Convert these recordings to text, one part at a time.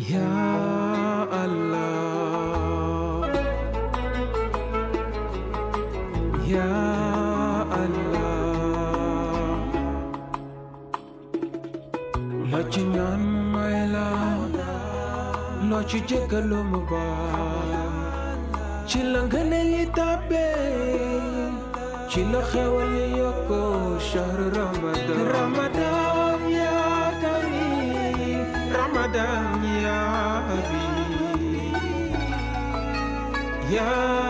Ya Allah Ya Allah Lo ci ñaan may la loo ci jéggalu mu baal ci la ngëneel yi tàbbee shahr Ramadan Ramadan غدا يا حبيب يا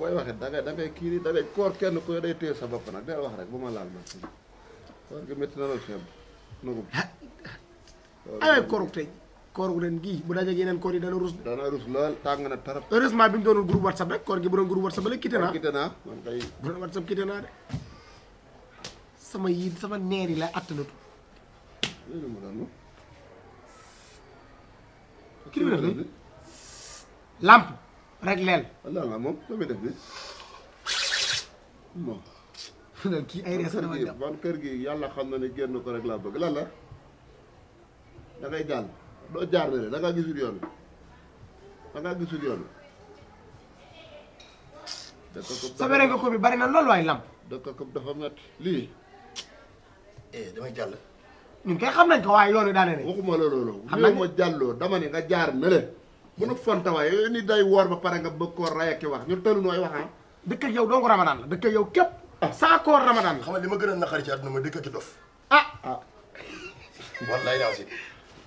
booy waxee da ngay kii da ngay koor kenn ku day téye sa bopp nag day wax rek bu ma laal ma koor gi métti na loolu feeb nugum ay koorug tey kooru ren gii bu dajeeg yeneen koor yi dana rus dana rus lool tàng na tarap heureusement bi mu doonul groupe whatsapp rek koor gi bu doon groupe whatsapp ba léegi quitté naa quitté man kay bu doon whatsapp quitté naa de sama yi sama neri yi la attanatu loolu mu doon kii bi def lamp rek leel la la moom la muy def bi moom loolu kii ay rees dama dem man kër gi yàlla xam na ne génn ko rek laa bëgg lan la da ngay jàll doo jaar ne da gisul yoon bi da ngaa gisul yoon bi. dëkk ko sabere nga ko bi bari na lool waay lam. dëkk ko dafa métti lii. eh damay jàll. ñun kay xam nañ ko waaye yoon wi daane ne. waxuma la loolu. xam nañ ma jàlloo dama ne nga jaar ne le. bu nu fonta waaye yooyu day woor ba pare nga bëgg koo ray ak wax ñu tëlu nooy wax ah. dëkk ak yow dong ramadaan la dëkk ak yow képp. Ah. saa koor ramadaan la. xam nga li ma gën a naqari ci àdduna mooy dëkk ak dof. ah ah. wallaay si.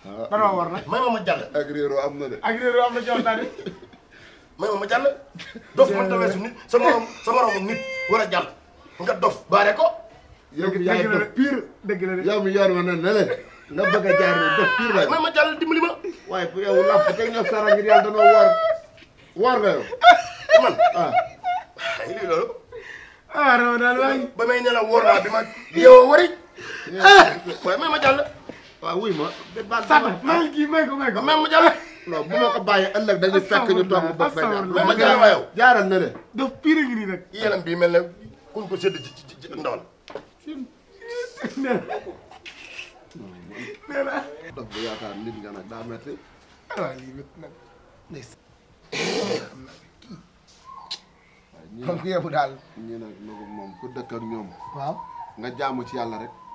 man ah, ma may ma ma dof man ta weesu nit sa morom a jàll nga dof baare ko. mi pire ma ne ne nga bëgg a jaar dof pire la. may ma jàll dimbali ma. waaye bu yow làmp teg nga sara ngir yàlla danoo woor woor nga yow man ay ah. ah, lii loolu. ah non daal waay. ba may ne la woor naa bi ma. yow wari. waaye may ma jàll. waaw wuy ma. Sade maa ngi kii may ko may ko même mu jëlee. non bu ma ko bàyyee ëllëg dañuy fekk ñu toog ba fekk mais ma jëlee waaw jaaral na de. daf pire ngi nii nag. yaram bii mel ne kuñ ko sédd ci ci ndawal. nee na. dox bu yaakaar nit nga nag daa metti. waaw lii métti nag. kon ku yebu daal. ñii nag moom ku dëkk ak ñoom. waaw nga jaamu ci yàlla rek.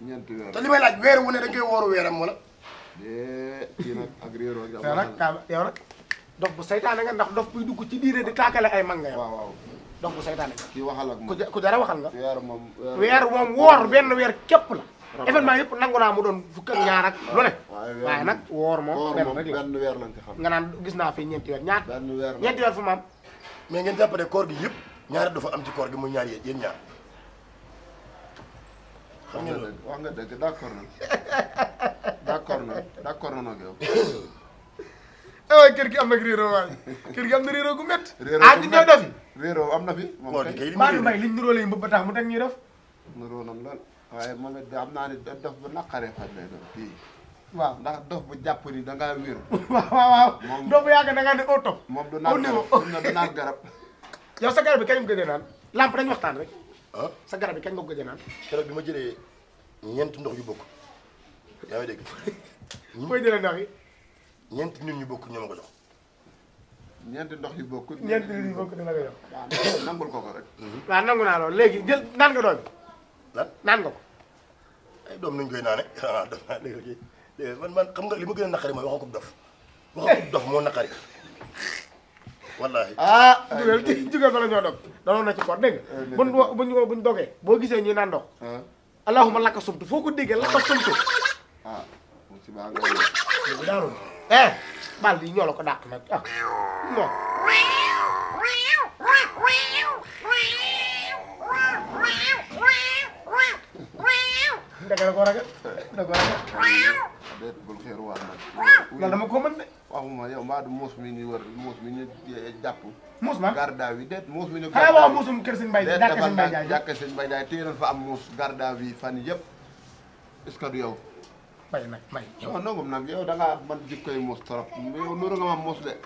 ñeenti weer te li may laaj weer wu ne da koy wooru weeram wala. dee kii nag ak ak. yow nag Kaaba yow dof bu saytaane nga ndax dof buy dugg ci diine di taakale ay mag nga yow. waaw waaw dof bu saytaane nga. kii waxal ak moom ku jara waxal nga. weer moom weer moom woor benn weer képp la. événement yëpp nangu naa mu doon fukk ak ñaar ak lu ne waaye nag woor moom benn rek la nga naan gis naa fi ñeenti weer ñaar ñeenti weer fu ma mais ngeen jàpp koor gi yëpp ñaari dafa am ci koor gi muy ñaar yéen ñaar xam nga loolu wax nga dëgg d' accord na d' accord na d' accord na nag yow. aywa kër gi am na réeróo waay kër gi am na réeróo gu métti. réeróo gu métti ah def. réeróo am na fi. moom kay maa ngi may liñ niróo lay mbëb ba tax mu teg ñuy def. niróo nam lool waaye moom it am naa ne dof bu naqaree fan lay doon fii. waaw ndax dof bu jàpp ni da ngaa wér. waaw waaw moom dof bu yàgg da ngaa ne au top. moom du naan garab au niveau du naan garab. yow sa garab bi kañ nga gëj a naan lamp dañ waxtaan rek ah sa garab yi kañ nga ko gëj a bi ma jëlee ñeenti ndox yu bokk yaa ngi dégg. koy jëlee ndox yi. ñeenti nit ñu bokk ñoo ma ko jox. ñeenti ndox yu bokk. ñeenti nit ko ko ko rek. Mhm. waaw nangu naa loolu léegi jël naan nga doon. ko. ay doom nuñ koy naane ah daf man man xam nga li ma gën a naqari mooy waxu ko dof waxu ko dof moo naqari. wallahi ah dugal juga kalau bala ñoo dog daloon na ci koor dégg buñ buñ buñ dogee boo gisee ñuy naan dog allahuma laka sumtu foo ko ah ci ba nga yow eh bal di ñoo la ko dàq nak ah mo dagal ko ragal dagal ko ragal bul xéru wax nak dama ko mën de waxuma yow mbaa mi ñu wër muus mi eh, ma garda wi déet muus mi ñu. xanaa waaw muusum kër sëñ Mbaye Ndiaye jàkka sëñ Mbaye Ndiaye jàkka sëñ Mbaye Ndiaye téye nañ fa am muus garda wi fan yëpp est-ce du yow. bay nag bay yow da ngaa man jikkoy muus trop yow nuru nga ma muus de.